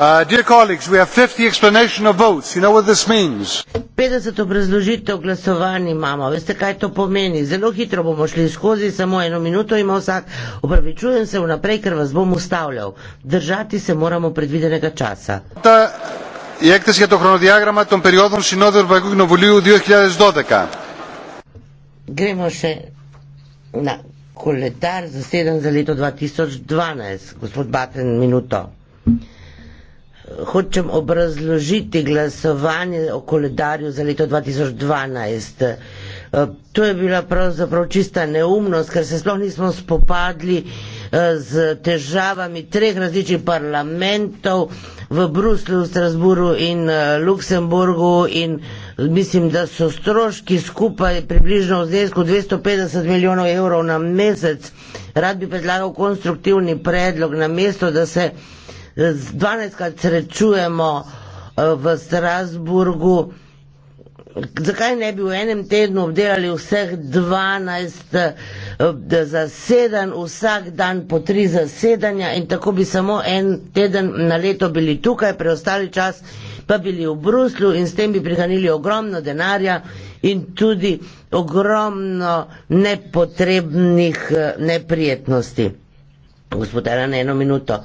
50 uh, obrazložitev glasovanja imamo. Veste, kaj to pomeni? Zelo hitro bomo šli skozi, samo eno minuto ima vsak. Upravičujem se vnaprej, ker vas bom ustavljal. Držati se moramo predvidenega časa. Gremo še na koledar, zaseden za leto 2012. Gospod Baten, minuto hočem obrazložiti glasovanje o koledarju za leto 2012. Eh, to je bila pravzaprav čista neumnost, ker se sploh nismo spopadli eh, z težavami treh različnih parlamentov v Bruslju, Strasburu in eh, Luksemburgu in mislim, da so stroški skupaj približno v znesku 250 milijonov evrov na mesec. Rad bi predlagal konstruktivni predlog na mesto, da se 12 krat srečujemo eh, v Strasburgu. Zakaj ne bi v enem tednu obdelali vseh 12 eh, zaseden, vsak dan po tri zasedanja in tako bi samo en teden na leto bili tukaj, preostali čas pa bili v Bruslju in s tem bi prihranili ogromno denarja in tudi ogromno nepotrebnih eh, neprijetnosti. Gospod, ena na eno minuto.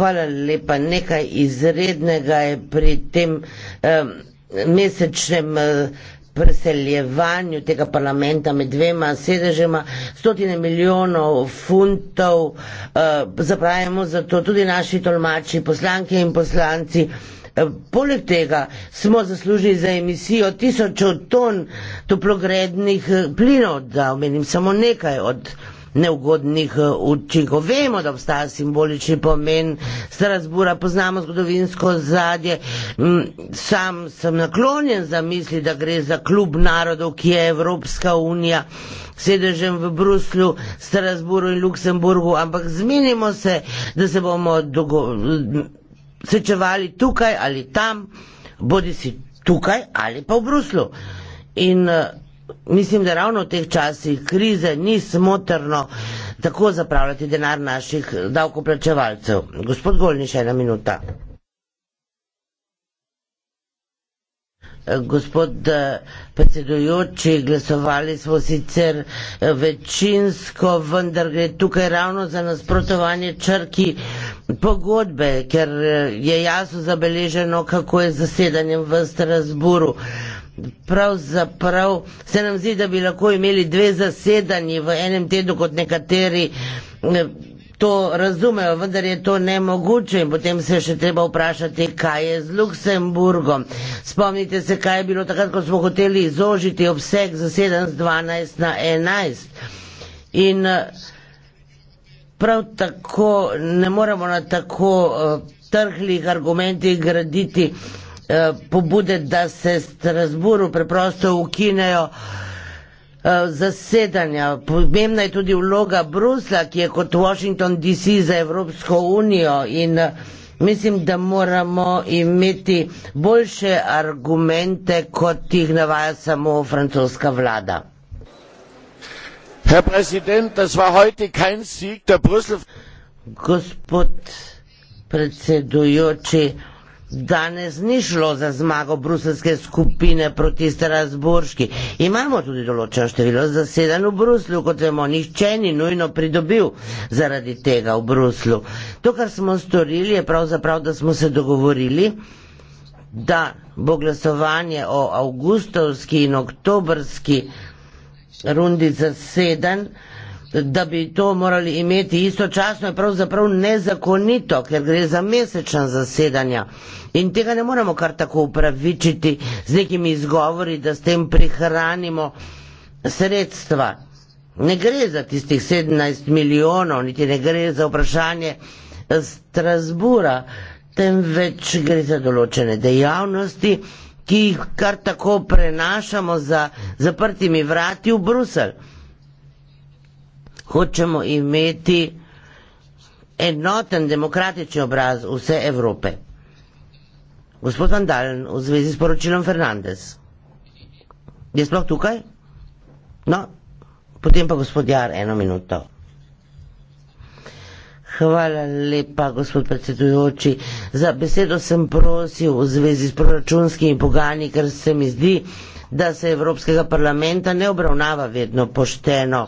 Hvala lepa. Nekaj izrednega je pri tem eh, mesečnem eh, preseljevanju tega parlamenta med dvema sedežema, stotine milijonov funtov, eh, zapravimo za to tudi naši tolmači, poslanke in poslanci. Eh, poleg tega smo zaslužili za emisijo tisočev ton toplogrednih eh, plinov, da omenim samo nekaj od neugodnih učinkov. Eh, Vemo, da obstaja simbolični pomen Strasbura, poznamo zgodovinsko zadje. Mm, sam sem naklonjen za misli, da gre za klub narodov, ki je Evropska unija, sedežem v Bruslju, Strasburu in Luksemburgu, ampak zmenimo se, da se bomo dogo sečevali tukaj ali tam, bodi si tukaj ali pa v Bruslu. In uh, mislim, da ravno v teh časih krize ni smotrno tako zapravljati denar naših davkoplačevalcev. Gospod Golni, še ena minuta. Gospod eh, predsedujoči, glasovali smo sicer eh, večinsko, vendar gre tukaj ravno za nasprotovanje črki pogodbe, ker eh, je jasno zabeleženo, kako je zasedanjem v Strasburu pravzaprav se nam zdi, da bi lahko imeli dve zasedanji v enem tednu, kot nekateri eh, to razumejo, vendar je to nemogoče in potem se še treba vprašati, kaj je z Luksemburgom. Spomnite se, kaj je bilo takrat, ko smo hoteli izožiti obseg zaseden z 12 na 11. In eh, prav tako ne moremo na tako eh, trhlih argumentih graditi. Eh, pobude, da se Strasburu preprosto ukinejo eh, zasedanja. Pomembna je tudi vloga Brusla, ki je kot Washington DC za Evropsko unijo in eh, mislim, da moramo imeti boljše argumente, kot jih navaja samo francoska vlada. Herr Präsident, das war heute kein Sieg der Brüssel. Gospod predsedujoči, Danes ni šlo za zmago bruselske skupine proti Strasburški. Imamo tudi določeno število zaseden v Bruslu, kot vemo, nihče ni nujno pridobil zaradi tega v Bruslu. To, kar smo storili, je pravzaprav, da smo se dogovorili, da bo glasovanje o avgustovski in oktobrski rundi zaseden da bi to morali imeti istočasno, je pravzaprav nezakonito, ker gre za mesečna zasedanja. In tega ne moremo kar tako upravičiti z nekimi izgovori, da s tem prihranimo sredstva. Ne gre za tistih 17 milijonov, niti ne gre za vprašanje Strasbura, temveč gre za določene dejavnosti, ki jih kar tako prenašamo za zaprtimi vrati v Bruselj hočemo imeti enoten demokratični obraz vse Evrope. Gospod Van Dalen, v zvezi s poročilom Fernandez. Je sploh tukaj? No, potem pa gospod Jar, eno minuto. Hvala lepa, gospod predsedujoči. Za besedo sem prosil v zvezi s proračunskimi pogani, ker se mi zdi, da se Evropskega parlamenta ne obravnava vedno pošteno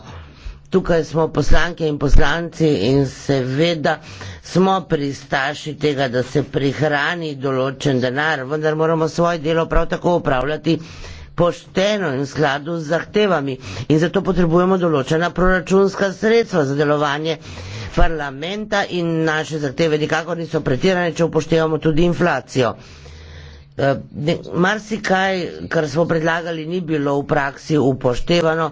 tukaj smo poslanke in poslanci in seveda smo pristaši tega, da se prihrani določen denar, vendar moramo svoje delo prav tako upravljati pošteno in v skladu z zahtevami. In zato potrebujemo določena proračunska sredstva za delovanje parlamenta in naše zahteve nikako niso pretirane, če upoštevamo tudi inflacijo. Eh, marsikaj, kar smo predlagali, ni bilo v praksi upoštevano.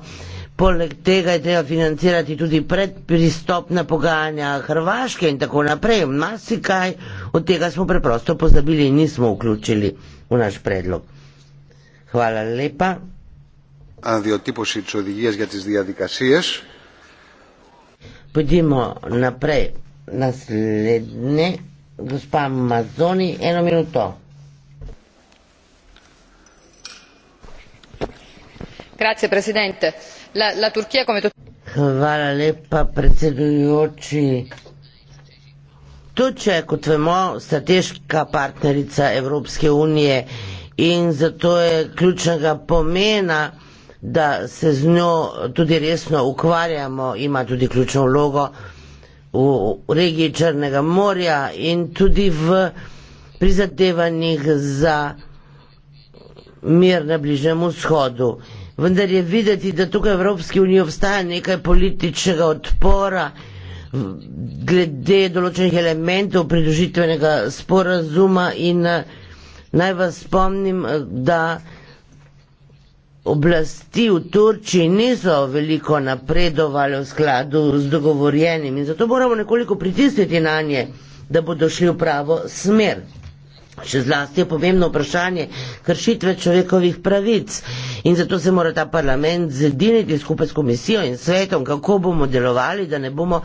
Poleg tega je treba financirati tudi predpristopna pogajanja Hrvaške in tako naprej. Masi kaj od tega smo preprosto pozabili in nismo vključili v naš predlog. Hvala lepa. Pojdimo naprej. Naslednje, gospa Mazoni, eno minuto. Grazie Presidente la, la Turchia come tutti. Hvala lepa, predsedujoči. Turčija je, kot vemo, strateška partnerica Evropske unije in zato je ključnega pomena, da se z njo tudi resno ukvarjamo, ima tudi ključno vlogo v regiji Črnega morja in tudi v prizadevanjih za mir na Bližnjem vzhodu vendar je videti, da tukaj v Evropski uniji obstaja nekaj političnega odpora glede določenih elementov pridružitvenega sporazuma in naj vas spomnim, da oblasti v Turčiji niso veliko napredovali v skladu z dogovorjenim in zato moramo nekoliko pritisniti na nje, da bodo šli v pravo smer še zlasti je pomembno vprašanje kršitve človekovih pravic in zato se mora ta parlament zediniti skupaj s komisijo in svetom, kako bomo delovali, da ne bomo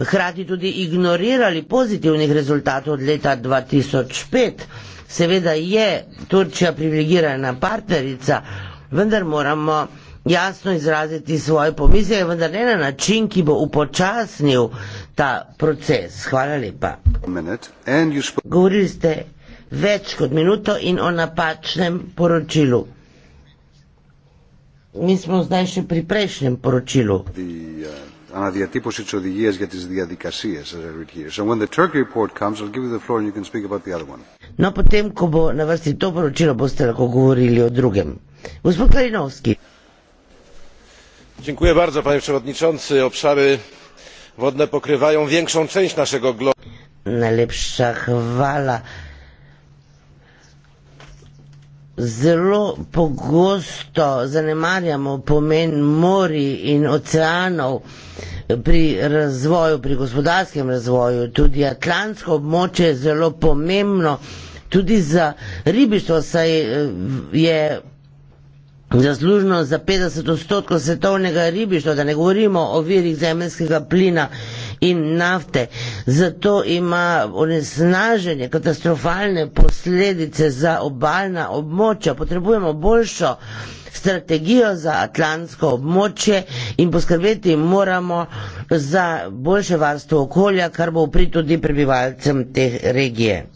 hkrati tudi ignorirali pozitivnih rezultatov od leta 2005. Seveda je Turčija privilegirana partnerica, vendar moramo jasno izraziti svoje pomisleke, vendar ne na način, ki bo upočasnil ta proces. Hvala lepa. Govorili ste več kot minuto in o napačnem poročilu. Mi smo zdaj še pri prejšnjem poročilu. Uh, no, potem, ko bo na vrsti to poročilo, boste lahko govorili o drugem. Gospod Kalinovski. Dziękuję bardzo, panie przewodniczący. Obszary wodne pokrywają większą część naszego globu. Najlepsza chwala zelo pogosto zanemarjamo pomen mori in oceanov pri razvoju, pri gospodarskem razvoju. Tudi atlantsko območje je zelo pomembno, tudi za ribištvo, saj eh, je zaslužno za 50 odstotkov svetovnega ribištva, da ne govorimo o virih zemljskega plina in nafte. Zato ima onesnaženje katastrofalne posledice za obaljna območja. Potrebujemo boljšo strategijo za atlantsko območje in poskrbeti moramo za boljše varstvo okolja, kar bo upri tudi prebivalcem te regije.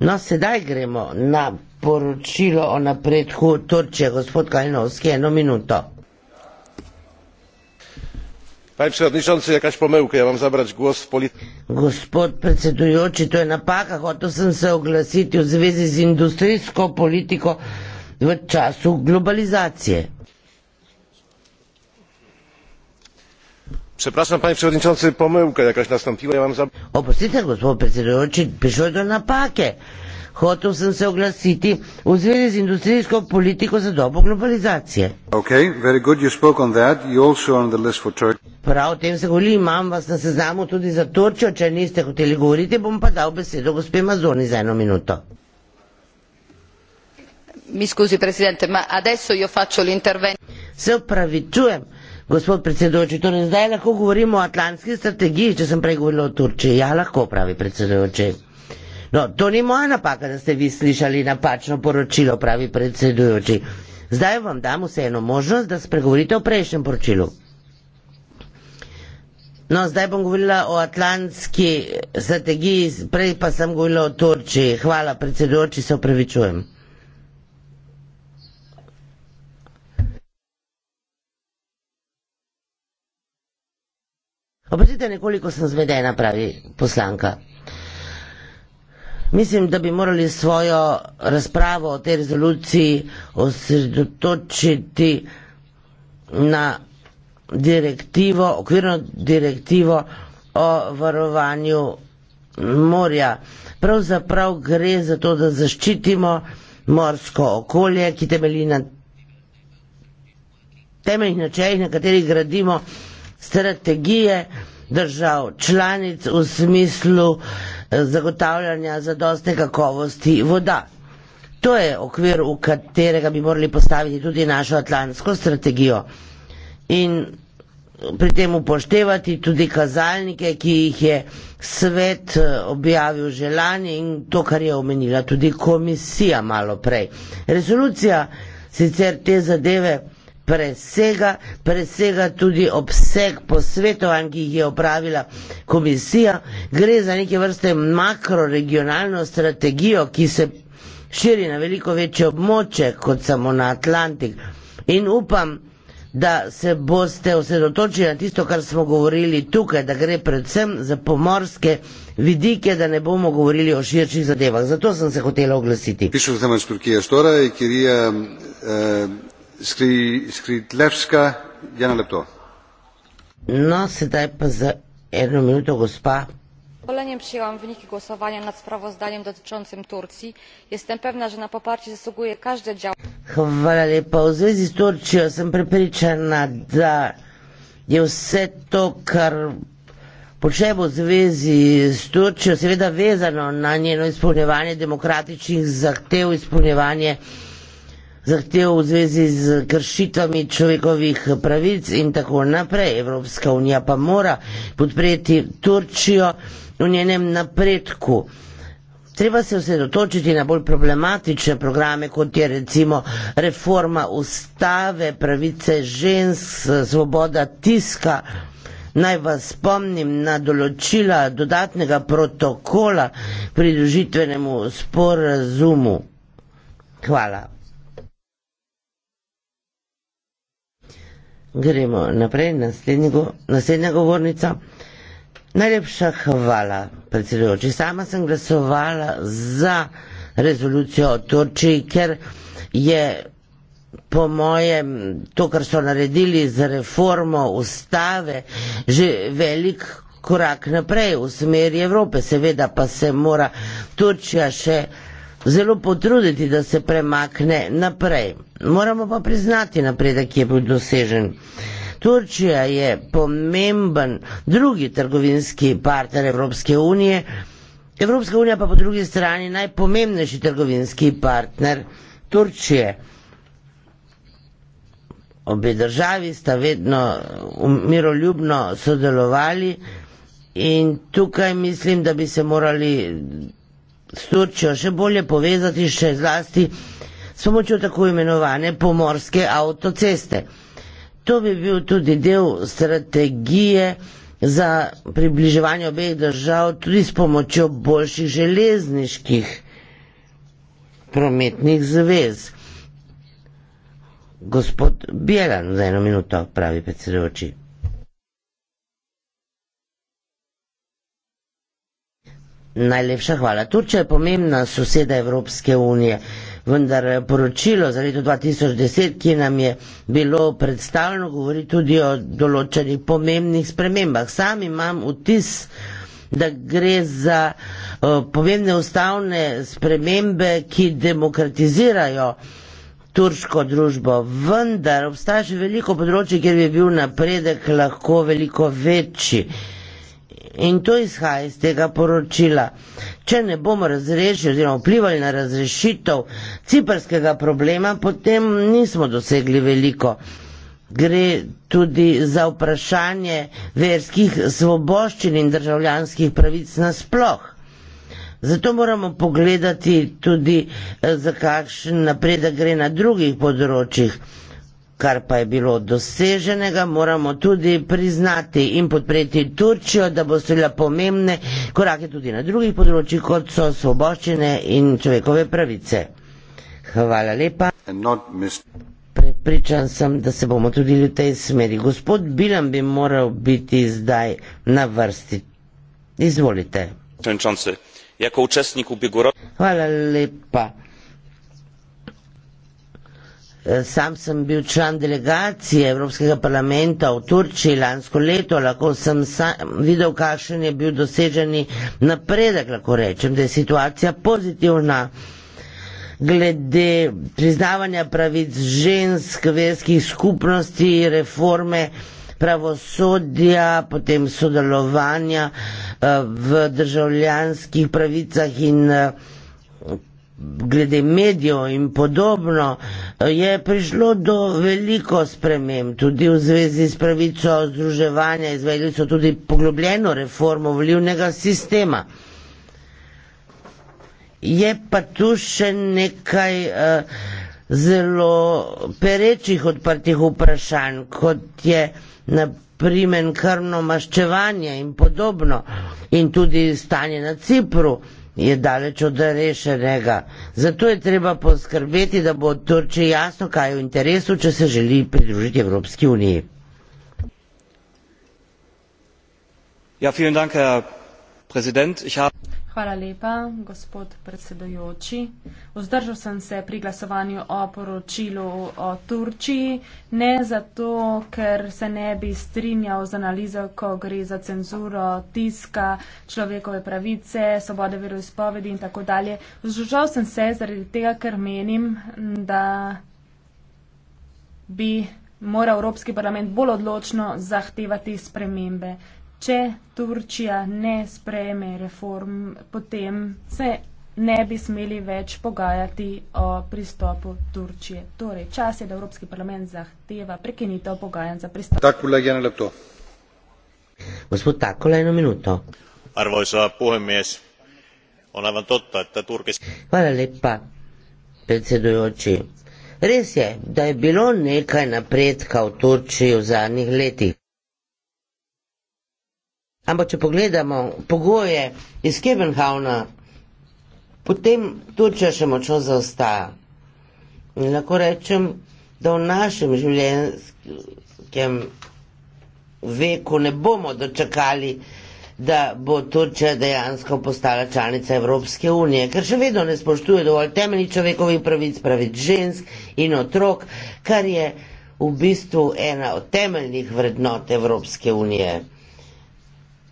No, sedaj gremo na poročilo o napredku Turčije. Gospod Kalinovski, eno minuto panie przewodniczący jakaś pomyłka ja mam zabrać głos w gospod predsedujoči to je napaka hotel sem se oglasiti v zvezi z industrijsko politiko v času globalizacije Przepraszam, panie przewodniczący, pomyłka jakaś nastąpiła. Ja mam za... Oprostite, gospod predsedujoči, prišlo je do napake. Hotel sem se oglasiti v zvezi z industrijsko politiko za dobo globalizacije. Okay, Prav o tem se govori, imam vas na seznamu tudi za Turčjo, če niste hoteli govoriti, bom pa dal besedo gospe Mazoni za eno minuto. Mi scusi, predsednik, ma adesso io faccio l'intervento. Se opravičujem, gospod predsedujoči, torej zdaj lahko govorimo o atlantski strategiji, če sem prej govoril o Turčiji. Ja, lahko pravi predsedujoči. No, to ni moja napaka, da ste vi slišali napačno poročilo, pravi predsedujoči. Zdaj vam dam vseeno možnost, da spregovorite o prejšnjem poročilu. No, zdaj bom govorila o atlantski strategiji, prej pa sem govorila o Turčiji. Hvala, predsedujoči, se opravičujem. Oprostite, nekoliko sem zvedena, pravi poslanka. Mislim, da bi morali svojo razpravo o tej rezoluciji osredotočiti na direktivo, okvirno direktivo o varovanju morja. Pravzaprav gre za to, da zaščitimo morsko okolje, ki temelji na temeljnih načeljih, na katerih gradimo strategije držav članic v smislu eh, zagotavljanja zadostne kakovosti voda. To je okvir, v katerega bi morali postaviti tudi našo atlantsko strategijo in pri tem upoštevati tudi kazalnike, ki jih je svet eh, objavil že lani in to, kar je omenila tudi komisija malo prej. Resolucija sicer te zadeve presega, presega tudi obseg posvetovanj, ki jih je opravila komisija. Gre za neke vrste makroregionalno strategijo, ki se širi na veliko večje območje kot samo na Atlantik. In upam, da se boste osredotočili na tisto, kar smo govorili tukaj, da gre predvsem za pomorske vidike, da ne bomo govorili o širših zadevah. Zato sem se hotela oglasiti. Pišem, Skridlevska, Jana Lepto. No, sedaj pa za eno minuto, gospa. Zadovoljenjem przyjęłam wyniki głosowania nad sprawozdaniem dotyczącym Turcji. Jestem pewna, że na poparcie zasługuje każde działanie. Hvala lepa. V zvezi s Turčijo sem prepričana, da je vse to, kar počnemo v zvezi s Turčijo, seveda vezano na njeno izpolnjevanje demokratičnih zahtev, izpolnjevanje zahtev v zvezi z kršitvami človekovih pravic in tako naprej. Evropska unija pa mora podpreti Turčijo v njenem napredku. Treba se osredotočiti na bolj problematične programe, kot je recimo reforma ustave, pravice žensk, svoboda tiska. Naj vas spomnim na določila dodatnega protokola pridružitvenemu sporazumu. Hvala. Gremo naprej, go, naslednja govornica. Najlepša hvala, predsedujoči. Sama sem glasovala za rezolucijo o Turčiji, ker je po mojem to, kar so naredili za reformo ustave, že velik korak naprej v smeri Evrope. Seveda pa se mora Turčija še zelo potruditi, da se premakne naprej. Moramo pa priznati napredek, ki je bil dosežen. Turčija je pomemben drugi trgovinski partner Evropske unije, Evropska unija pa po drugi strani najpomembnejši trgovinski partner Turčije. Obe državi sta vedno miroljubno sodelovali in tukaj mislim, da bi se morali s Turčjo še bolje povezati še zlasti s pomočjo tako imenovane pomorske avtoceste. To bi bil tudi del strategije za približevanje obeh držav tudi s pomočjo boljših železniških prometnih zvez. Gospod Bjelan, za eno minuto pravi predsedujoči. Najlepša hvala. Turčija je pomembna soseda Evropske unije, vendar poročilo za leto 2010, ki nam je bilo predstavljeno, govori tudi o določenih pomembnih spremembah. Sam imam vtis, da gre za uh, pomembne ustavne spremembe, ki demokratizirajo turško družbo, vendar obstaja še veliko področje, kjer bi bil napredek lahko veliko večji. Uh, in to izhaja iz tega poročila. Če ne bomo razrešili oziroma vplivali na razrešitev ciprskega problema, potem nismo dosegli veliko. Gre tudi za vprašanje verskih svoboščin in državljanskih pravic nasploh. Zato moramo pogledati tudi, eh, za kakšen napredek gre na drugih področjih kar pa je bilo doseženega, moramo tudi priznati in podpreti Turčijo, da bo storila pomembne korake tudi na drugih področjih, kot so svoboščine in človekove pravice. Hvala lepa. Prepričan sem, da se bomo tudi v tej smeri. Gospod Bilan bi moral biti zdaj na vrsti. Izvolite. Hvala lepa. Eh, sam sem bil član delegacije Evropskega parlamenta v Turčiji lansko leto, lahko sem videl, kakšen je bil doseženi napredek, lahko rečem, da je situacija pozitivna. Glede priznavanja pravic žensk, verskih skupnosti, reforme pravosodja, potem sodelovanja eh, v državljanskih pravicah in eh, glede medijev in podobno, je prišlo do veliko sprememb, tudi v zvezi s pravico združevanja, izvedli so tudi poglobljeno reformo volivnega sistema. Je pa tu še nekaj uh, zelo perečih odprtih vprašanj, kot je naprimer krvno maščevanje in podobno in tudi stanje na Cipru je daleč od rešenega. Zato je treba poskrbeti, da bo Turčiji jasno, kaj je v interesu, če se želi pridružiti Evropski uniji. Ja, vielen Dank, Herr Präsident. Ich habe Hvala lepa, gospod predsedujoči. Vzdržal sem se pri glasovanju o poročilu o Turčiji, ne zato, ker se ne bi strinjal z analizo, ko gre za cenzuro tiska, človekove pravice, svobode veroizpovedi in tako dalje. Vzdržal sem se zaradi tega, ker menim, da bi moral Evropski parlament bolj odločno zahtevati spremembe če Turčija ne spreme reform, potem se ne bi smeli več pogajati o pristopu Turčije. Torej, čas je, da Evropski parlament zahteva prekinitev pogajanj za pristop. Tako je, Jan Lepto. Gospod Tako, le eno minuto. Arvoisa puhemies, on aivan totta, että Turkis... Hvala lepa, predsedujoči. Res je, da je bilo nekaj napredka v Turčiji v zadnjih letih. Ampak, če pogledamo pogoje iz Kebenhavna, potem Turčija še močno zaostaja. In lahko rečem, da v našem življenjskem veku ne bomo dočakali, da bo Turčija dejansko postala članica Evropske unije, ker še vedno ne spoštuje dovolj temeljnih človekovih pravic, pravic žensk in otrok, kar je v bistvu ena od temeljnih vrednot Evropske unije.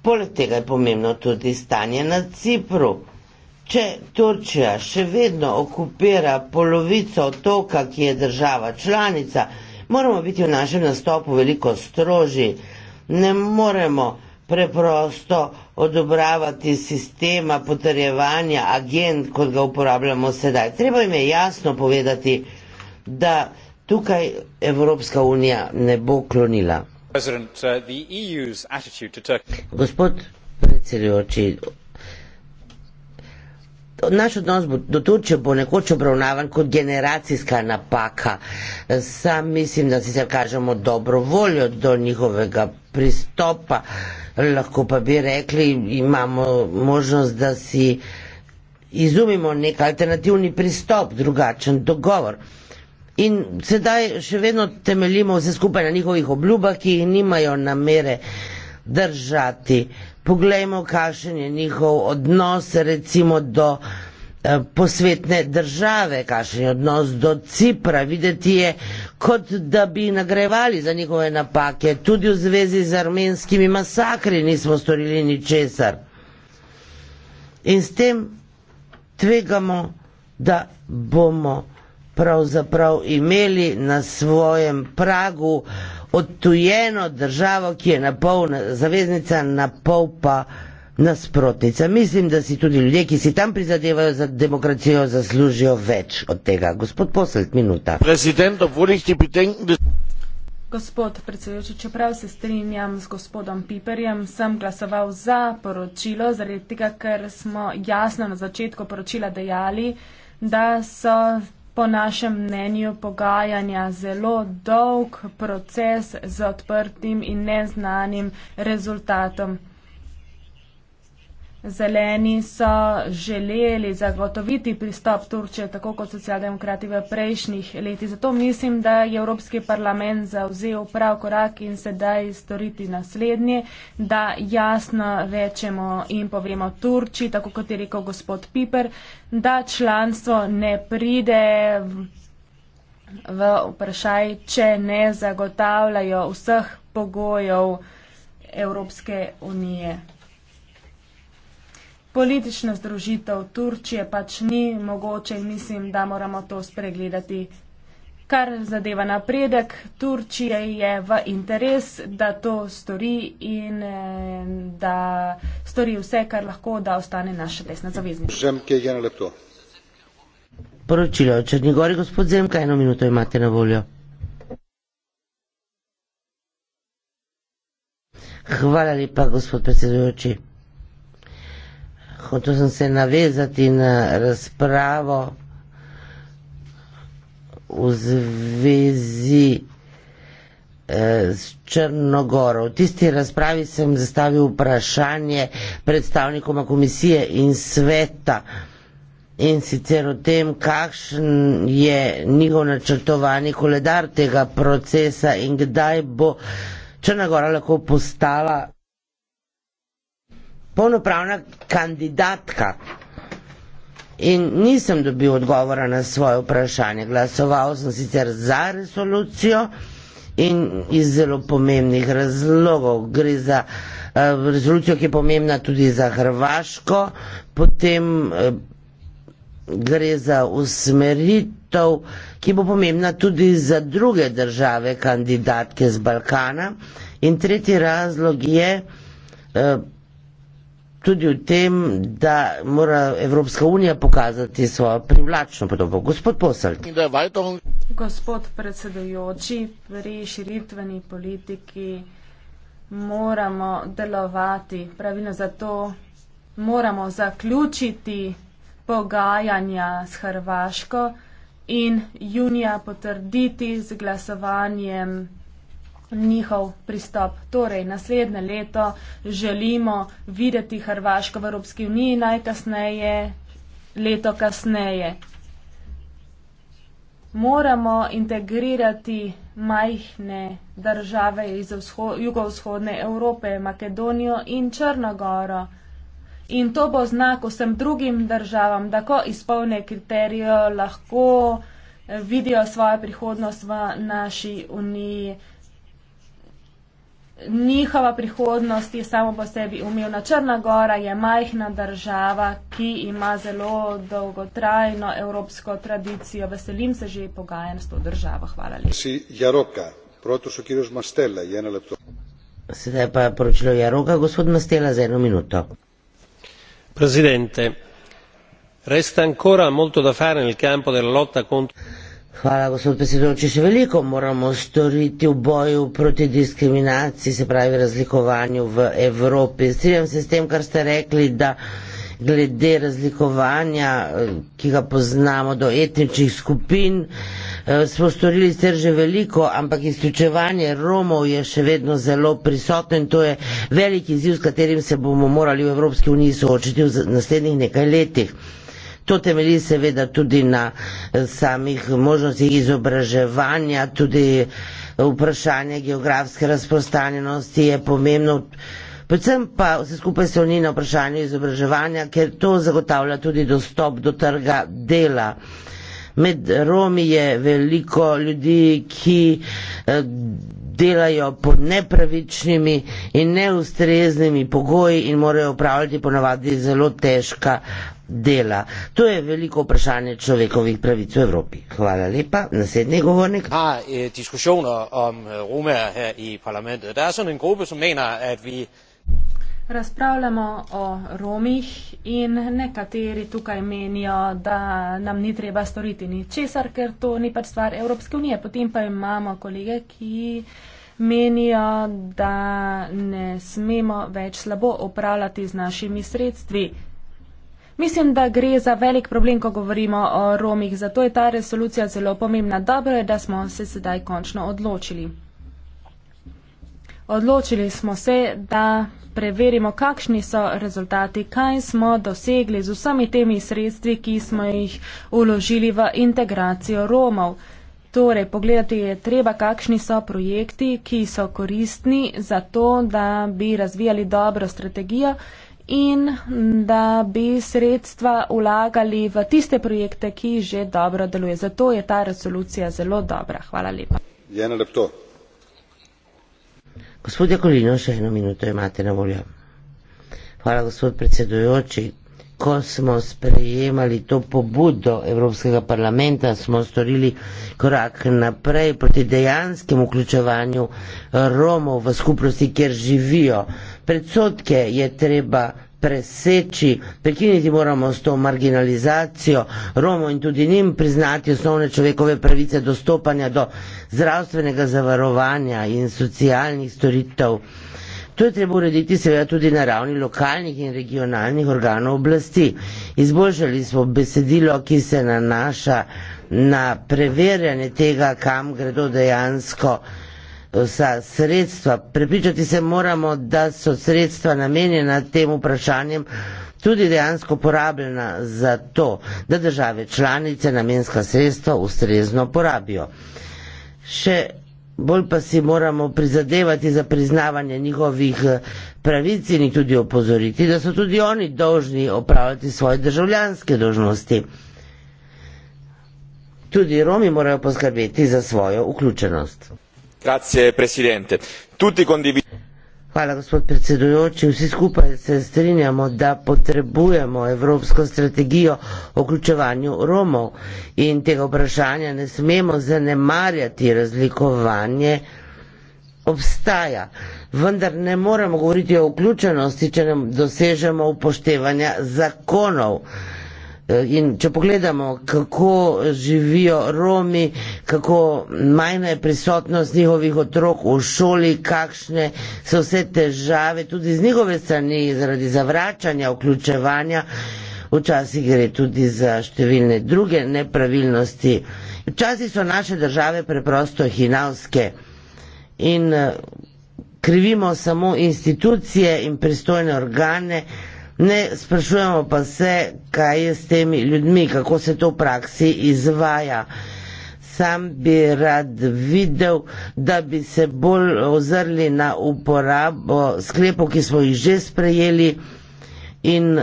Poleg tega je pomembno tudi stanje na Cipru. Če Turčija še vedno okupira polovico otoka, ki je država članica, moramo biti v našem nastopu veliko strožji. Ne moremo preprosto odobravati sistema potrjevanja agent, kot ga uporabljamo sedaj. Treba jim je jasno povedati, da tukaj Evropska unija ne bo klonila president uh, the eu's attitude to turkey gospod predsedujoči Naš odnos do Turčije bo nekoč obravnavan kot generacijska napaka. Sam mislim, da si se kažemo dobro voljo do njihovega pristopa, lahko pa bi rekli, imamo možnost, da si izumimo nek alternativni pristop, drugačen dogovor. In sedaj še vedno temeljimo vse skupaj na njihovih obljubah, ki jih nimajo namere držati. Poglejmo, kakšen je njihov odnos recimo do eh, posvetne države, kakšen je odnos do Cipra. Videti je, kot da bi nagrajevali za njihove napake. Tudi v zvezi z armenskimi masakri nismo storili ničesar. In s tem tvegamo, da bomo pravzaprav imeli na svojem pragu odtujeno državo, ki je na pol zaveznica, na pol pa nasprotnica. Mislim, da si tudi ljudje, ki si tam prizadevajo za demokracijo, zaslužijo več od tega. Gospod Poselt, minuta. Gospod predsedujoči, čeprav se strinjam z gospodom Piperjem, sem glasoval za poročilo, zaradi tega, ker smo jasno na začetku poročila dejali, da so po našem mnenju pogajanja zelo dolg proces z odprtim in neznanim rezultatom. Zeleni so želeli zagotoviti pristop Turčije, tako kot socialdemokrati v prejšnjih leti. Zato mislim, da je Evropski parlament zauzel prav korak in sedaj storiti naslednje, da jasno rečemo in povemo Turčiji, tako kot je rekel gospod Piper, da članstvo ne pride v vprašaj, če ne zagotavljajo vseh pogojev Evropske unije politična združitev Turčije pač ni mogoče in mislim, da moramo to spregledati. Kar zadeva napredek, Turčije je v interes, da to stori in eh, da stori vse, kar lahko, da ostane naša desna zaveznica. Žem, ki je ena lepto. Poročilo o Črnjegori, gospod Zemka, eno minuto imate na voljo. Hvala lepa, gospod predsedujoči hotel sem se navezati na razpravo v zvezi z eh, Črnogoro. V tisti razpravi sem zastavil vprašanje predstavnikoma komisije in sveta in sicer o tem, kakšen je njihov načrtovani koledar tega procesa in kdaj bo Črnagora lahko postala polnopravna kandidatka. In nisem dobil odgovora na svoje vprašanje. Glasoval sem sicer za resolucijo in iz zelo pomembnih razlogov. Gre za eh, resolucijo, ki je pomembna tudi za Hrvaško, potem eh, gre za usmeritev, ki bo pomembna tudi za druge države kandidatke z Balkana. In tretji razlog je. Eh, tudi v tem, da mora Evropska unija pokazati svojo privlačno podobo. Gospod posel. Gospod predsedujoči, pri širitveni politiki moramo delovati. Pravilno zato moramo zaključiti pogajanja s Hrvaško in junija potrditi z glasovanjem njihov pristop. Torej, naslednje leto želimo videti Hrvaško v Evropski uniji najkasneje, leto kasneje. Moramo integrirati majhne države iz jugovzhodne Evrope, Makedonijo in Črnogoro. In to bo znak vsem drugim državam, da ko izpolne kriterijo, lahko eh, vidijo svojo prihodnost v naši uniji njihova prihodnost je samo po sebi umevna. Črna Gora je majhna država, ki ima zelo dolgotrajno evropsko tradicijo. Veselim se že pogajanj s to državo. Hvala lepa. Sedaj pa je poročilo Jaroka, gospod Mastela, za eno minuto. Presidente, resta ancora molto da fare nel campo della lotta contro. Hvala, gospod predsedujoči. Še veliko moramo storiti v boju proti diskriminaciji, se pravi razlikovanju v Evropi. Strijam se s tem, kar ste rekli, da glede razlikovanja, ki ga poznamo do etničnih skupin, eh, smo storili ste že veliko, ampak izključevanje Romov je še vedno zelo prisotno in to je velik izziv, s katerim se bomo morali v Evropski uniji soočiti v naslednjih nekaj letih. To temelji seveda tudi na eh, samih možnostih izobraževanja, tudi eh, vprašanje geografske razprostanjenosti je pomembno. Predvsem pa vse skupaj se oni na vprašanje izobraževanja, ker to zagotavlja tudi dostop do trga dela. Med Romi je veliko ljudi, ki eh, delajo pod nepravičnimi in neustreznimi pogoji in morajo upravljati ponavadi zelo težka dela. To je veliko vprašanje človekovih pravic v Evropi. Hvala lepa. Naslednji govornik. Ha, eh, diskusijo o eh, Romah v parlamentu. Da je er sem en grupe, ki mena, da vi. Razpravljamo o Romih in nekateri tukaj menijo, da nam ni treba storiti ničesar, ker to ni pač stvar Evropske unije. Potem pa imamo kolege, ki menijo, da ne smemo več slabo upravljati z našimi sredstvi. Mislim, da gre za velik problem, ko govorimo o Romih, zato je ta resolucija zelo pomembna. Dobro je, da smo se sedaj končno odločili. Odločili smo se, da preverimo, kakšni so rezultati, kaj smo dosegli z vsemi temi sredstvi, ki smo jih uložili v integracijo Romov. Torej, pogledati je treba, kakšni so projekti, ki so koristni za to, da bi razvijali dobro strategijo in da bi sredstva vlagali v tiste projekte, ki že dobro deluje. Zato je ta resolucija zelo dobra. Hvala lepa. Jena Lepto. Gospod Jakolino, še eno minuto imate na voljo. Hvala, gospod predsedujoči. Ko smo sprejemali to pobudo Evropskega parlamenta, smo storili korak naprej proti dejanskemu vključevanju Romov v skupnosti, kjer živijo predsotke je treba preseči, prekiniti moramo s to marginalizacijo Romo in tudi njim priznati osnovne človekove pravice dostopanja do zdravstvenega zavarovanja in socialnih storitev. To je treba urediti seveda tudi na ravni lokalnih in regionalnih organov oblasti. Izboljšali smo besedilo, ki se nanaša na preverjanje tega, kam gredo dejansko vsa sredstva. Prepričati se moramo, da so sredstva namenjena tem vprašanjem tudi dejansko porabljena za to, da države članice namenska sredstva ustrezno porabijo. Še bolj pa si moramo prizadevati za priznavanje njihovih eh, pravic in jih tudi opozoriti, da so tudi oni dolžni opravljati svoje državljanske dožnosti. Tudi Romi morajo poskrbeti za svojo vključenost vsi skupaj se strinjamo da potrebujemo evropsko strategijo o vključevanju romov in tega vprašanja ne smemo zanemarjati razlikovanje obstaja vendar ne moremo govoriti o vključenosti če ne dosežemo upoštevanja zakonov. Eh, in če pogledamo, kako živijo Romi, kako majna je prisotnost njihovih otrok v šoli, kakšne so vse težave, tudi z njihove strani, zaradi zavračanja, vključevanja, včasih gre tudi za številne druge nepravilnosti. Včasih so naše države preprosto hinavske in eh, krivimo samo institucije in pristojne organe, Ne sprašujemo pa se, kaj je s temi ljudmi, kako se to v praksi izvaja. Sam bi rad videl, da bi se bolj ozrli na uporabo sklepov, ki smo jih že sprejeli in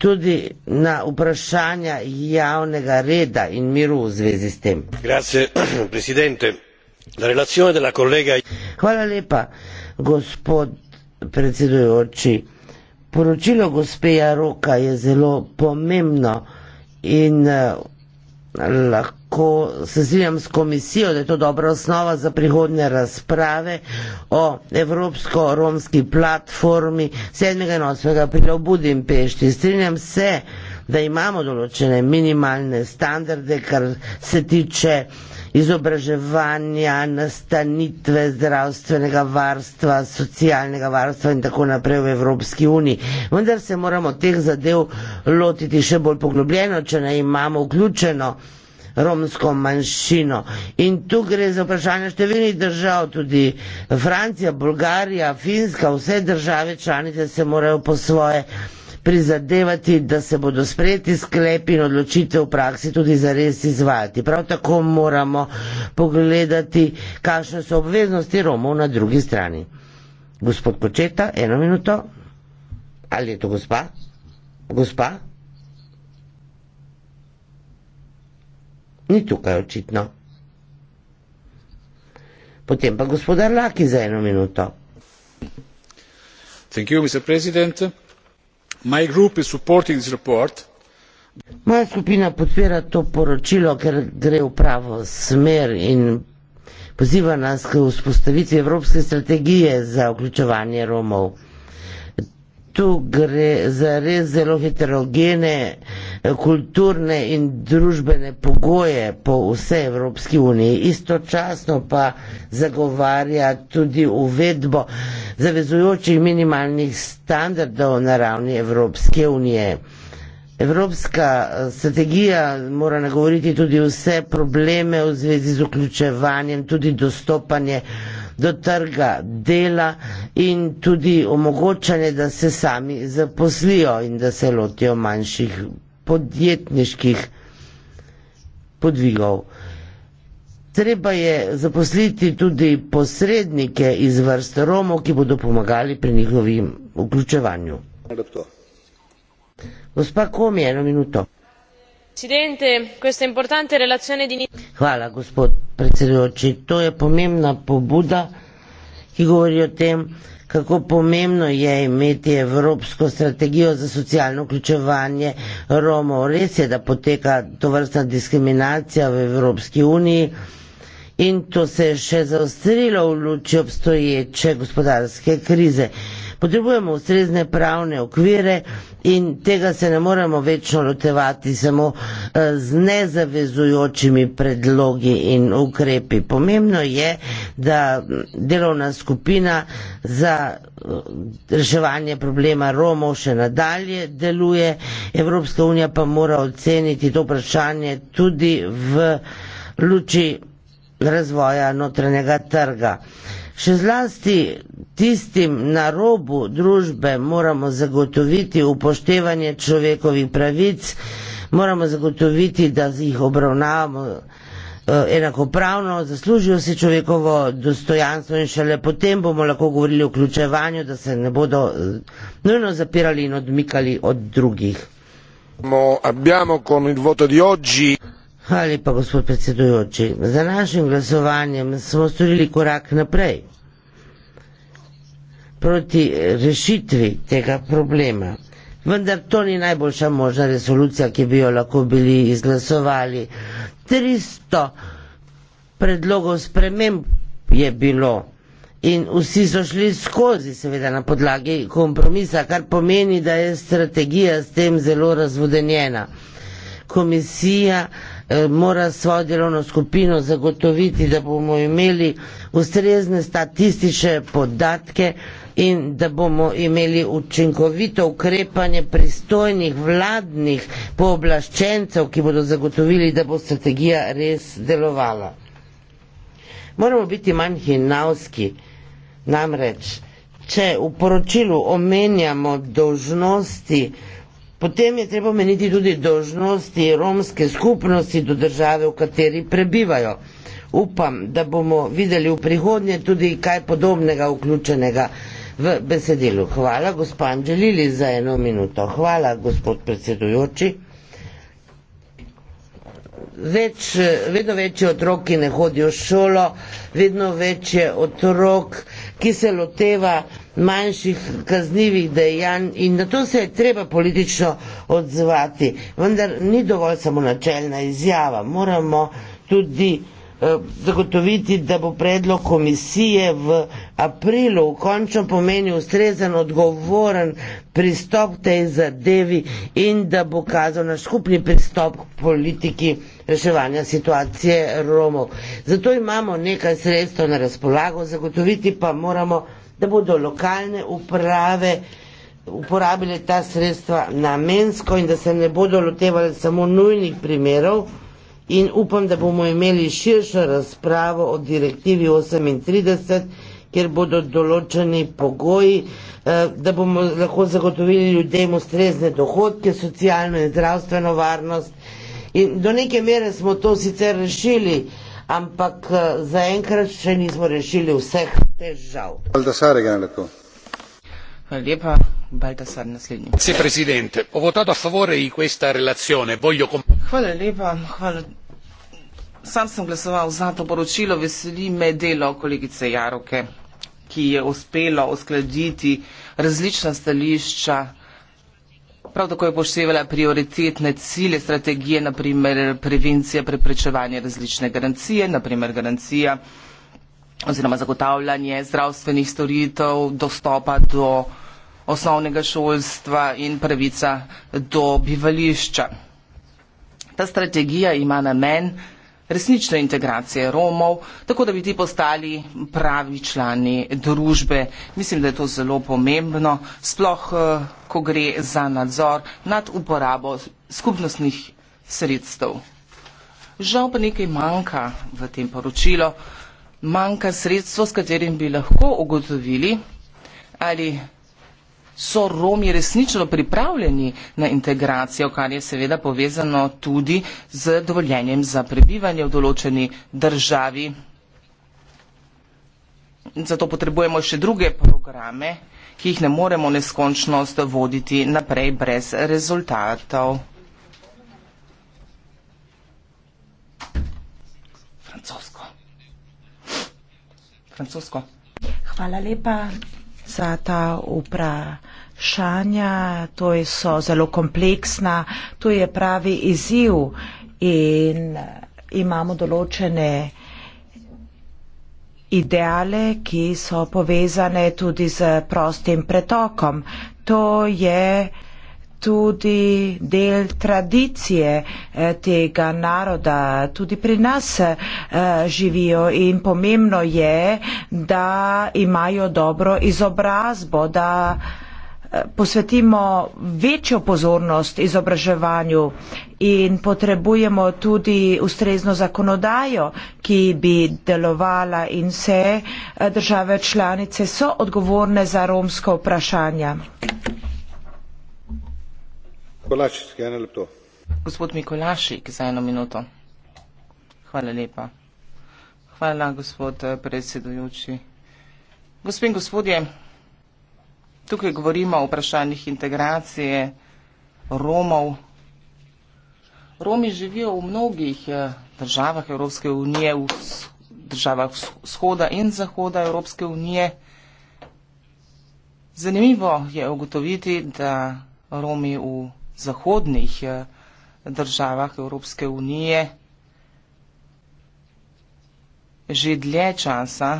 tudi na vprašanja javnega reda in miru v zvezi s tem. Grazie, Hvala lepa, gospod predsedujoči poročilo gospeja Roka je zelo pomembno in eh, lahko se zvijam s komisijo, da je to dobra osnova za prihodne razprave o Evropsko-romski platformi 7. in 8. aprila v Budimpešti. Strinjam se, da imamo določene minimalne standarde, kar se tiče izobraževanja, nastanitve, zdravstvenega varstva, socialnega varstva in tako naprej v Evropski uniji. Vendar se moramo teh zadev lotiti še bolj poglobljeno, če ne imamo vključeno romsko manjšino. In tu gre za vprašanje številnih držav, tudi Francija, Bolgarija, Finska, vse države članice se morajo po svoje prizadevati, da se bodo sprejeti sklepi in odločitve v praksi tudi zares izvajati. Prav tako moramo pogledati, kakšne so obveznosti Romov na drugi strani. Gospod Kočeta, eno minuto. Ali je to gospa? Gospa? Ni tukaj očitno. Potem pa gospodar Laki za eno minuto. Thank you, Mr. President moja skupina podpira to poročilo ker gre v pravo smer in poziva nas k vzpostavitvi evropske strategije za vključevanje romov tu gre za res zelo heterogene uh, kulturne in družbene pogoje po vsej Evropski uniji. Istočasno pa zagovarja tudi uvedbo zavezujočih minimalnih standardov na ravni Evropske unije. Evropska eh, strategija mora nagovoriti tudi vse probleme v zvezi z vključevanjem, tudi dostopanje do trga dela in tudi omogočanje, da se sami zaposlijo in da se lotijo manjših podjetniških podvigov. Treba je zaposliti tudi posrednike iz vrst Romov, ki bodo pomagali pri njihovim vključevanju. Gospa Komi, eno minuto. Hvala, gospod predsedujoči. To je pomembna pobuda, ki govori o tem, kako pomembno je imeti evropsko strategijo za socialno vključevanje Romov. Res je, da poteka to vrsta diskriminacija v Evropski uniji in to se je še zaostrilo v luči obstoječe gospodarske krize. Potrebujemo ustrezne pravne okvire in tega se ne moremo večno lotevati samo eh, z nezavezujočimi predlogi in ukrepi. Pomembno je, da delovna skupina za eh, reševanje problema Romov še nadalje deluje. Evropska unija pa mora oceniti to vprašanje tudi v luči razvoja notranjega trga. Še zlasti tistim na robu družbe moramo zagotoviti upoštevanje človekovih pravic, moramo zagotoviti, da jih obravnavamo eh, enakopravno, zaslužijo si človekovo dostojanstvo in šele potem bomo lahko govorili o vključevanju, da se ne bodo eh, nujno zapirali in odmikali od drugih. Hvala lepa, gospod predsedujoči. Za našim glasovanjem smo storili korak naprej proti rešitvi tega problema. Vendar to ni najboljša možna resolucija, ki bi jo lahko bili izglasovali. 300 predlogov sprememb je bilo in vsi so šli skozi, seveda na podlagi kompromisa, kar pomeni, da je strategija s tem zelo razvodenjena. Komisija eh, mora svojo delovno skupino zagotoviti, da bomo imeli ustrezne statistične podatke, in da bomo imeli učinkovito ukrepanje pristojnih vladnih pooblaščencev, ki bodo zagotovili, da bo strategija res delovala. Moramo biti manj hinavski, namreč, če v poročilu omenjamo dožnosti, potem je treba omeniti tudi dožnosti romske skupnosti do države, v kateri prebivajo. Upam, da bomo videli v prihodnje tudi kaj podobnega vključenega v besedilu. Hvala, gospod Anželili, za eno minuto. Hvala, gospod predsedujoči. Več, vedno več je otrok, ki ne hodijo v šolo, vedno več je otrok, ki se loteva manjših kaznjivih dejanj in na to se je treba politično odzvati. Vendar ni dovolj samo načelna izjava, moramo tudi Eh, zagotoviti, da bo predlog komisije v aprilu v končno pomeni ustrezan, odgovoren pristop tej zadevi in da bo kazal naš skupni pristop k politiki reševanja situacije Romov. Zato imamo nekaj sredstev na razpolago, zagotoviti pa moramo, da bodo lokalne uprave uporabile ta sredstva namensko in da se ne bodo lotevali samo nujnih primerov, in upam, da bomo imeli širšo razpravo o direktivi 38, kjer bodo določeni pogoji, eh, da bomo lahko zagotovili ljudem ustrezne dohodke, socialno in zdravstveno varnost. In do neke mere smo to sicer rešili, ampak eh, zaenkrat še nismo rešili vseh težav. Hvala lepa. Baltasar, naslednji. Hvala lepa. Hvala. Sam sem glasoval za to poročilo, veseli me delo kolegice Jaroke, ki je uspelo uskladiti različna stališča, prav tako je poštevala prioritetne cilje strategije, naprimer prevencija, preprečevanje različne garancije, naprimer garancija oziroma zagotavljanje zdravstvenih storitev, dostopa do osnovnega šolstva in pravica do bivališča. Ta strategija ima namen, da resnične integracije Romov, tako da bi ti postali pravi člani družbe. Mislim, da je to zelo pomembno, sploh eh, ko gre za nadzor nad uporabo skupnostnih sredstev. Žal pa nekaj manjka v tem poročilu. Manjka sredstvo, s katerim bi lahko ugotovili, ali so Romi resnično pripravljeni na integracijo, kar je seveda povezano tudi z dovoljenjem za prebivanje v določeni državi. Zato potrebujemo še druge programe, ki jih ne moremo neskončnost voditi naprej brez rezultatov. Francosko. Francosko. Hvala lepa za ta upravljanje vprašanja, to je, so zelo kompleksna, to je pravi izziv in eh, imamo določene ideale, ki so povezane tudi z prostim pretokom. To je tudi del tradicije eh, tega naroda. Tudi pri nas eh, živijo in pomembno je, da imajo dobro izobrazbo, da posvetimo večjo pozornost izobraževanju in potrebujemo tudi ustrezno zakonodajo, ki bi delovala in vse eh, države članice so odgovorne za romsko vprašanje. Gospod Mikolašik, za eno minuto. Hvala lepa. Hvala, gospod eh, predsedujoči. Gospod in gospodje, Tukaj govorimo o vprašanjih integracije Romov. Romi živijo v mnogih eh, državah Evropske unije, v državah vzhoda in zahoda Evropske unije. Zanimivo je ugotoviti, da Romi v zahodnih eh, državah Evropske unije že dlje časa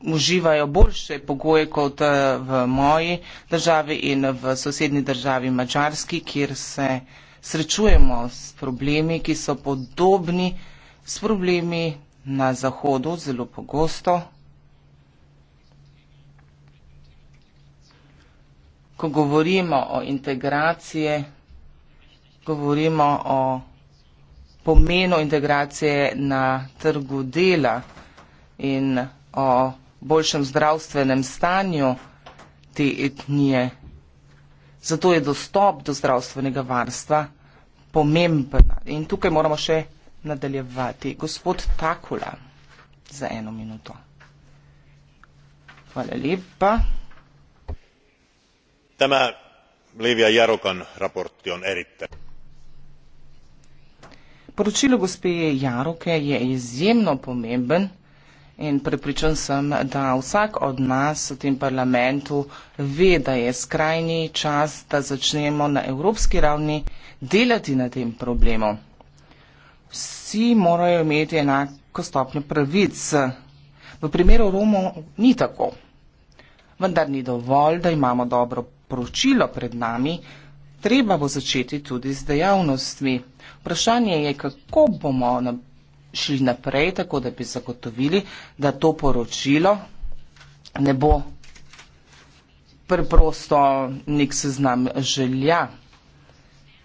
uživajo boljše pogoje kot eh, v moji državi in v sosednji državi Mačarski, kjer se srečujemo s problemi, ki so podobni s problemi na zahodu zelo pogosto. Ko govorimo o integracije, govorimo o pomenu integracije na trgu dela in o boljšem zdravstvenem stanju te etnije. Zato je dostop do zdravstvenega varstva pomemben. In tukaj moramo še nadaljevati. Gospod Takula, za eno minuto. Hvala lepa. Tema Livija Jarokan, raporti on erite. Poročilo gospe Jaroke je izjemno pomemben. In prepričan sem, da vsak od nas v tem parlamentu ve, da je skrajni čas, da začnemo na evropski ravni delati na tem problemu. Vsi morajo imeti enako stopnjo pravic. V primeru Romov ni tako. Vendar ni dovolj, da imamo dobro poročilo pred nami. Treba bo začeti tudi z dejavnostmi. Vprašanje je, kako bomo napredovali šli naprej, tako da bi zagotovili, da to poročilo ne bo preprosto nek seznam želja.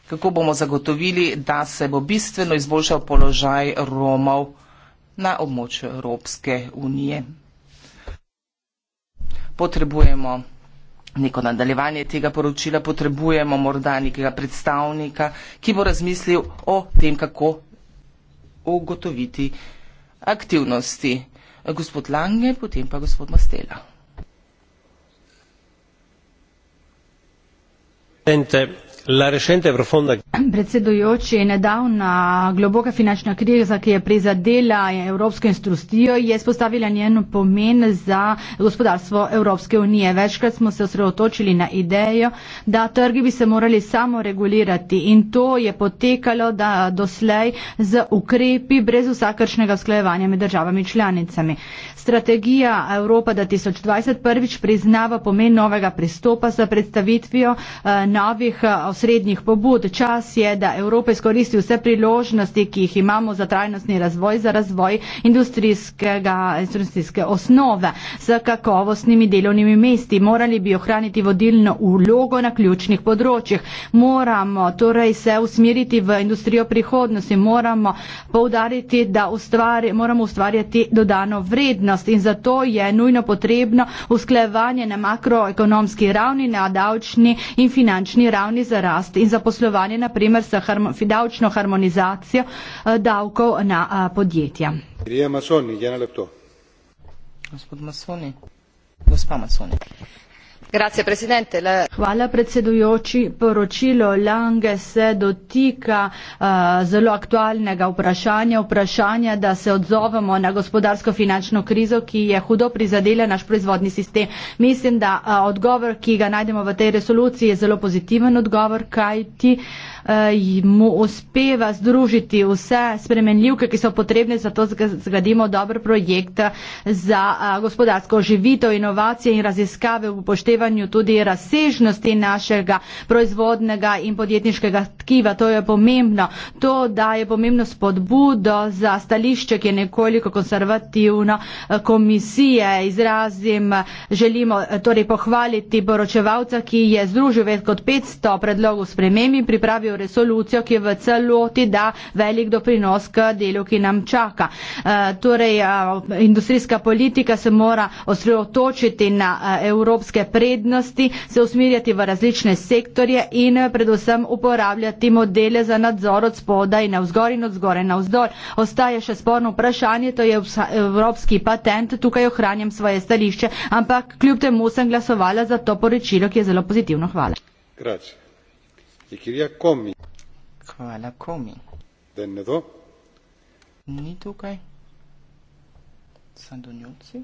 Kako bomo zagotovili, da se bo bistveno izboljšal položaj Romov na območju Evropske unije? Potrebujemo neko nadaljevanje tega poročila, potrebujemo morda nekega predstavnika, ki bo razmislil o tem, kako ugotoviti aktivnosti. Gospod Lange, potem pa gospod Mastela. Presidente, La recente profonda... Predsedujoči, nedavna globoka finančna kriza, ki je prizadela Evropsko instrustijo, je spostavila njen pomen za gospodarstvo Evropske unije. Večkrat smo se osredotočili na idejo, da trgi bi se morali samo regulirati in to je potekalo da doslej z ukrepi brez vsakršnega sklajevanja med državami članicami. Strategija Evropa 2021 prvič priznava pomen novega pristopa za predstavitvijo eh, novih osrednjih pobud. Čas je, da Evropa izkoristi vse priložnosti, ki jih imamo za trajnostni razvoj, za razvoj industrijskega, industrijske osnove s kakovostnimi delovnimi mesti. Morali bi ohraniti vodilno ulogo na ključnih področjih. Moramo torej se usmeriti v industrijo prihodnosti, moramo poudariti, da ustvari, moramo ustvarjati dodano vrednost in zato je nujno potrebno usklevanje na makroekonomski ravni, na davčni in finančni ravni za rast in zaposlovanje, naprimer s harmo, davčno harmonizacijo eh, davkov na eh, podjetja. Gospod Masoni, gospa Masoni. Hvala predsedujoči. Poročilo Lange se dotika uh, zelo aktualnega vprašanja, vprašanja, da se odzovemo na gospodarsko-finančno krizo, ki je hudo prizadela naš proizvodni sistem. Mislim, da uh, odgovor, ki ga najdemo v tej resoluciji, je zelo pozitiven odgovor, kaj ti. Uh, uh, mu uspeva združiti vse spremenljivke, ki so potrebne za to, da zgradimo dober projekt za uh, gospodarsko oživitev, inovacije in raziskave v upoštevanju tudi razsežnosti našega proizvodnega in podjetniškega tkiva. To je pomembno. To daje pomembno spodbudo za stališče, ki je nekoliko konservativno eh, komisije. Izrazim, želimo torej pohvaliti poročevalca, ki je združil več kot 500 predlogov spremembi, pripravil svojo resolucijo, ki je v celoti da velik doprinos k delu, ki nam čaka. Eh, torej, eh, industrijska politika se mora osredotočiti na eh, evropske prednosti, se usmirjati v različne sektorje in predvsem uporabljati modele za nadzor od spoda in navzgor in od zgore navzdol. Ostaje še sporno vprašanje, to je evropski patent, tukaj ohranjam svoje stališče, ampak kljub temu sem glasovala za to poročilo, ki je zelo pozitivno. Hvala. Grazie. Hvala, komi. Den je to? Ni tukaj. Sandonjuci.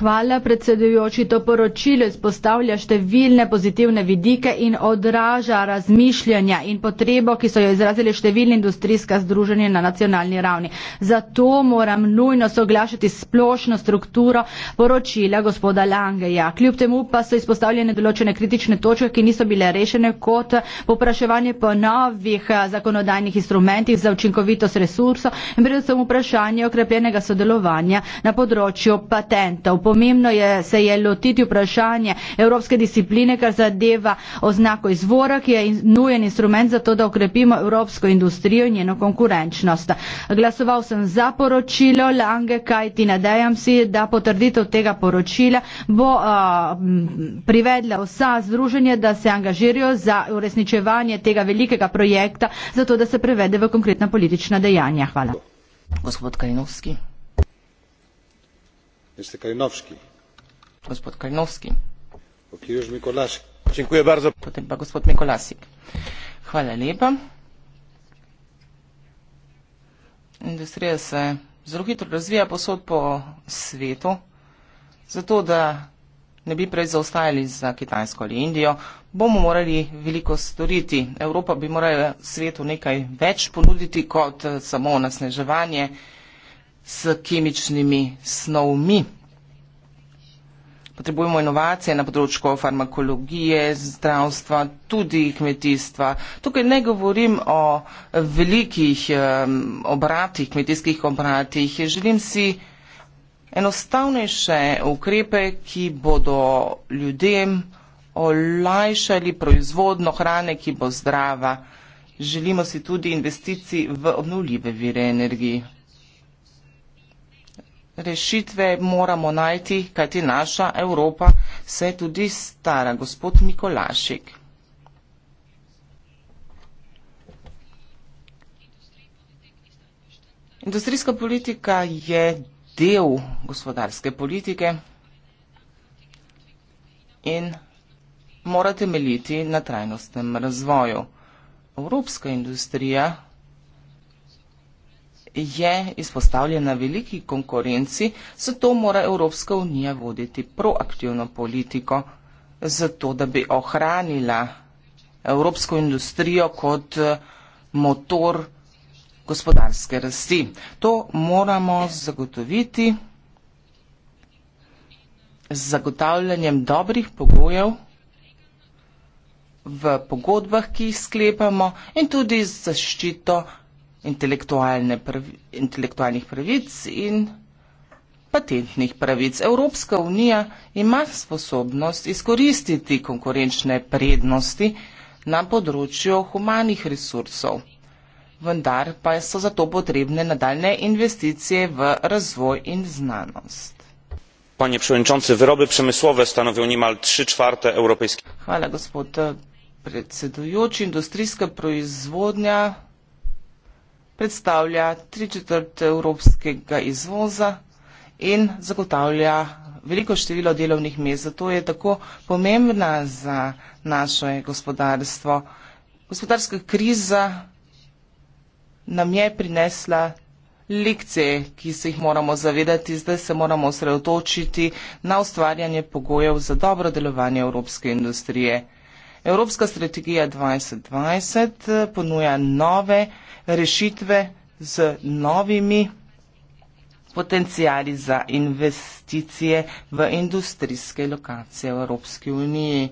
Hvala predsedujoči. To poročilo izpostavlja številne pozitivne vidike in odraža razmišljanja in potrebo, ki so jo izrazili številni industrijska združenja na nacionalni ravni. Zato moram nujno soglašati splošno strukturo poročila gospoda Langeja. Kljub temu pa so izpostavljene določene kritične točke, ki niso bile rešene kot popraševanje po novih eh, zakonodajnih instrumentih za učinkovitost resursov in predvsem vprašanje okrepljenega sodelovanja na področju področju patentov. Pomembno je, se je lotiti vprašanje evropske discipline, kar zadeva oznako izvora, ki je nujen instrument za to, da okrepimo evropsko industrijo in njeno konkurenčnost. Glasoval sem za poročilo Lange, kajti nadejam si, da potrditev tega poročila bo a, privedla vsa združenja, da se angažirajo za uresničevanje tega velikega projekta, zato da se prevede v konkretna politična dejanja. Hvala. Gospod Kajnovski industrija se zelo hitro razvija posod po svetu, zato da ne bi prej zaostajali za Kitajsko ali Indijo, bomo morali veliko storiti. Evropa bi morala svetu nekaj več ponuditi kot samo nasneževanje s kemičnimi snovmi. Potrebujemo inovacije na področju farmakologije, zdravstva, tudi kmetijstva. Tukaj ne govorim o velikih obratih, kmetijskih obratih. Želim si enostavnejše ukrepe, ki bodo ljudem olajšali proizvodno hrane, ki bo zdrava. Želimo si tudi investicij v obnovljive vire energije rešitve moramo najti, kajti naša Evropa se tudi stara, gospod Mikolašik. Industrijska politika je del gospodarske politike in mora temeljiti na trajnostnem razvoju. Evropska industrija je izpostavljena veliki konkurenci, zato mora Evropska unija voditi proaktivno politiko, zato da bi ohranila evropsko industrijo kot eh, motor gospodarske rasti. To moramo zagotoviti z zagotavljanjem dobrih pogojev v pogodbah, ki jih sklepamo in tudi z zaščito pravi, intelektualnih pravic in patentnih pravic. Evropska unija ima sposobnost izkoristiti konkurenčne prednosti na področju humanih resursov, vendar pa so zato potrebne nadaljne investicije v razvoj in znanost. Panie przewodniczący, wyroby przemysłowe stanowią niemal 3 czwarte europejskich. Hvala, gospod predsedujoči. Industrijska proizvodnja predstavlja tri četrt evropskega izvoza in zagotavlja veliko število delovnih mest. Zato je tako pomembna za naše gospodarstvo. Gospodarska kriza nam je prinesla lekcije, ki se jih moramo zavedati. Zdaj se moramo osredotočiti na ustvarjanje pogojev za dobro delovanje evropske industrije. Evropska strategija 2020 eh, ponuja nove rešitve z novimi potencijali za investicije v industrijske lokacije v Evropski uniji.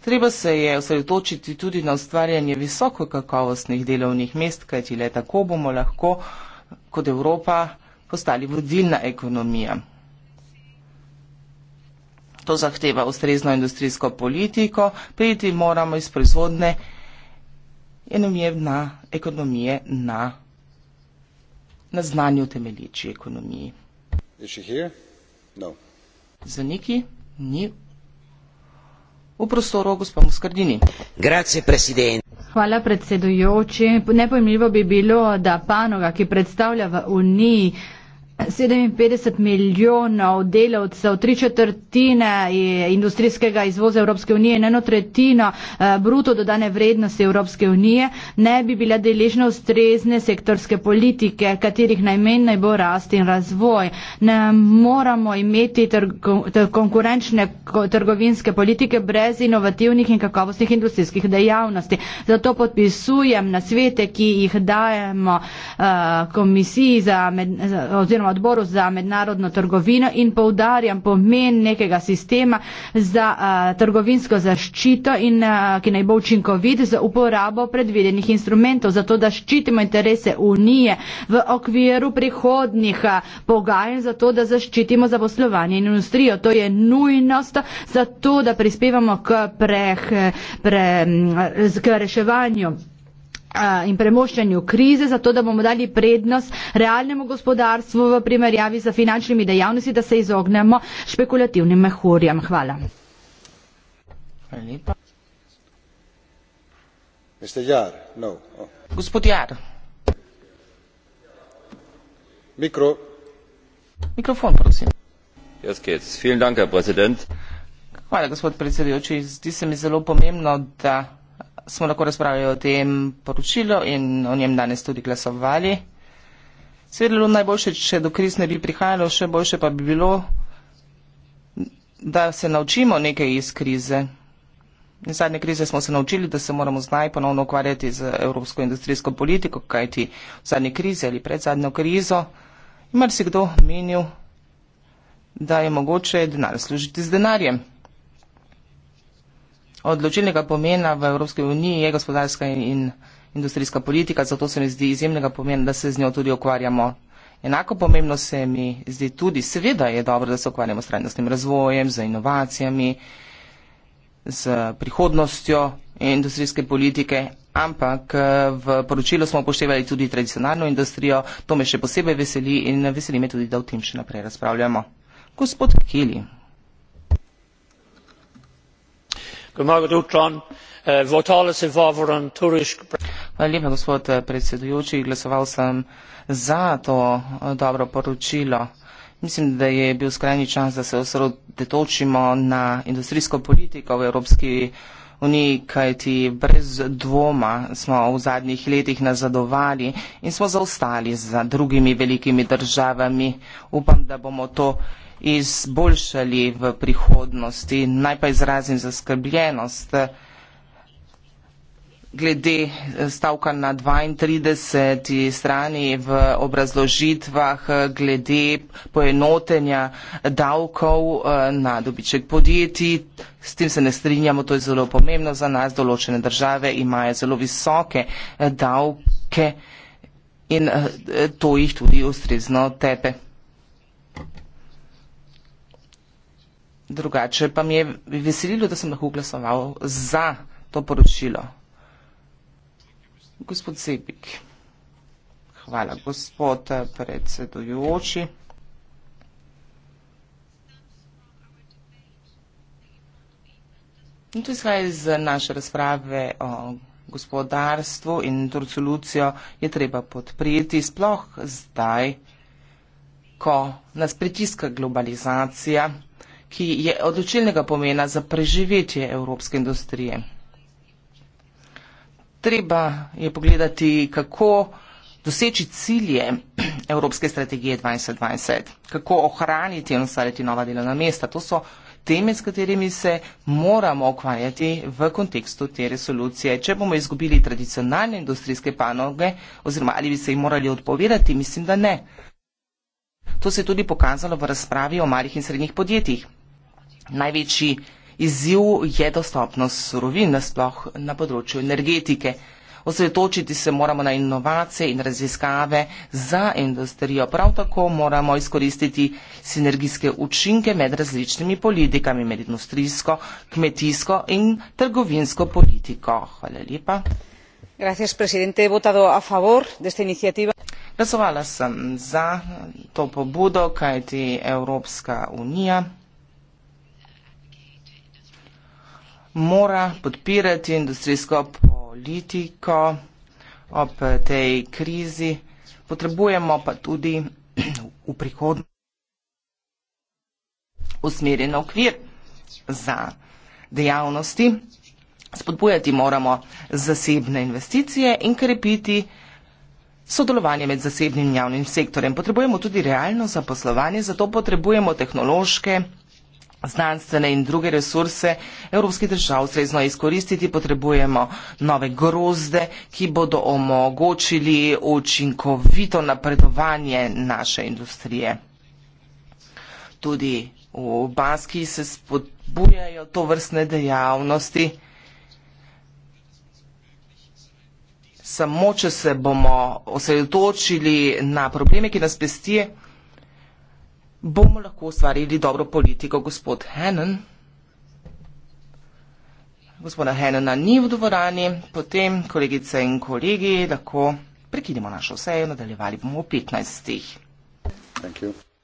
Treba se je osredotočiti tudi na ustvarjanje visokokakovostnih delovnih mest, kajti le tako bomo lahko kot Evropa postali vodilna ekonomija. To zahteva ustrezno industrijsko politiko, prejti moramo iz proizvodne ekonomije na, ekonomije na, na znanju temeljiči ekonomiji. No. Zaniki ni v prostoru gospod Muskardini. Grazie, predsednik. Hvala predsedujoči. Nepojmljivo bi bilo, da panoga, ki predstavlja v Uniji 57 milijonov delavcev, tri četrtine industrijskega izvoza Evropske unije in eno tretjino eh, bruto dodane vrednosti Evropske unije ne bi bila deležna ustrezne sektorske politike, katerih najmen naj bo rast in razvoj. Ne moramo imeti trgo, konkurenčne trgovinske politike brez inovativnih in kakovostnih industrijskih dejavnosti. Zato podpisujem na svete, ki jih dajemo eh, komisiji za, oziroma odboru za mednarodno trgovino in povdarjam pomen nekega sistema za a, eh, trgovinsko zaščito, in, a, eh, ki naj bo učinkovit za uporabo predvidenih instrumentov, zato da ščitimo interese unije v okviru prihodnih eh, pogajanj, zato da zaščitimo zaposlovanje in industrijo. To je nujnost, zato da prispevamo k, pre, pre, k reševanju in premoščanju krize, zato da bomo dali prednost realnemu gospodarstvu v primerjavi z finančnimi dejavnosti, da se izognemo špekulativnim mehurjem. Hvala. Jar, no. oh. Gospod Jar. Mikro. Mikrofon, prosim. Hvala, gospod predsedujoči. Zdi se mi zelo pomembno, da smo lahko razpravljali o tem poročilu in o njem danes tudi glasovali. Seveda bilo najboljše, če do kriz ne bi prihajalo, še boljše pa bi bilo, da se naučimo nekaj iz krize. Iz zadnje krize smo se naučili, da se moramo znaj ponovno ukvarjati z evropsko industrijsko politiko, kajti v zadnji krizi ali pred zadnjo krizo ima si kdo menil, da je mogoče denar služiti z denarjem odločilnega pomena v Evropski uniji je gospodarska in industrijska politika, zato se mi zdi izjemnega pomena, da se z njo tudi okvarjamo. Enako pomembno se mi zdi tudi, seveda je dobro, da se okvarjamo s trajnostnim razvojem, z inovacijami, z prihodnostjo industrijske politike, ampak v poročilu smo upoštevali tudi tradicionalno industrijo, to me še posebej veseli in veseli me tudi, da o tem še naprej razpravljamo. Gospod Kili. Eh, gospod eh, predsedujoči glasoval sem za to eh, dobro poročilo mislim da je bil skrajni čas da se osredotočimo na industrijsko politiko v evropski uniji kajti brez dvoma smo v zadnjih letih nazadovali in smo zaostali za drugimi velikimi državami upam da bomo to izboljšali v prihodnosti. Naj pa izrazim zaskrbljenost eh, glede eh, stavka na 32 strani v obrazložitvah eh, glede poenotenja davkov na dobiček podjetij. S tem se ne strinjamo, to je zelo pomembno za nas. Določene države imajo zelo visoke davke in to jih tudi ustrezno tepe. drugače. Pa mi je veselilo, da sem lahko glasoval za to poročilo. Gospod Zebik. Hvala, gospod eh, predsedujoči. In to izhaja iz naše razprave o gospodarstvu in to resolucijo je treba podpreti, sploh zdaj, ko nas pritiska globalizacija ki je odločilnega pomena za preživetje evropske industrije. Treba je pogledati, kako doseči cilje Evropske strategije 2020, kako ohraniti in ustvariti nova delovna mesta. To so teme, s katerimi se moramo ukvarjati v kontekstu te resolucije. Če bomo izgubili tradicionalne industrijske panoge oziroma ali bi se jim morali odpovedati, mislim, da ne. To se je tudi pokazalo v razpravi o malih in srednjih podjetjih. Največji izziv je dostopnost surovin, nasploh na področju energetike. Osredotočiti se moramo na inovacije in raziskave za industrijo. Prav tako moramo izkoristiti sinergijske učinke med različnimi politikami, med industrijsko, kmetijsko in trgovinsko politiko. Hvala lepa. Gracias, presidente. He votado a favor de esta iniciativa. Glasovala sem za to pobudo, kajti Evropska unija. mora podpirati industrijsko politiko ob tej krizi, potrebujemo pa tudi v prihodnosti usmerjen okvir za dejavnosti. Spodbujati moramo zasebne investicije in krepiti sodelovanje med zasebnim in javnim sektorjem. Potrebujemo tudi realno zaposlovanje, zato potrebujemo tehnološke znanstvene in druge resurse evropskih držav srezno izkoristiti, potrebujemo nove grozde, ki bodo omogočili učinkovito napredovanje naše industrije. Tudi v Baski se spodbujajo to vrstne dejavnosti. Samo, če se bomo osredotočili na probleme, ki nas pestije, bomo lahko ustvarili dobro politiko. Gospod Henen, gospoda Henena ni v dvorani, potem kolegice in kolegi lahko prekinemo našo sejo, nadaljevali bomo v 15. Thank you.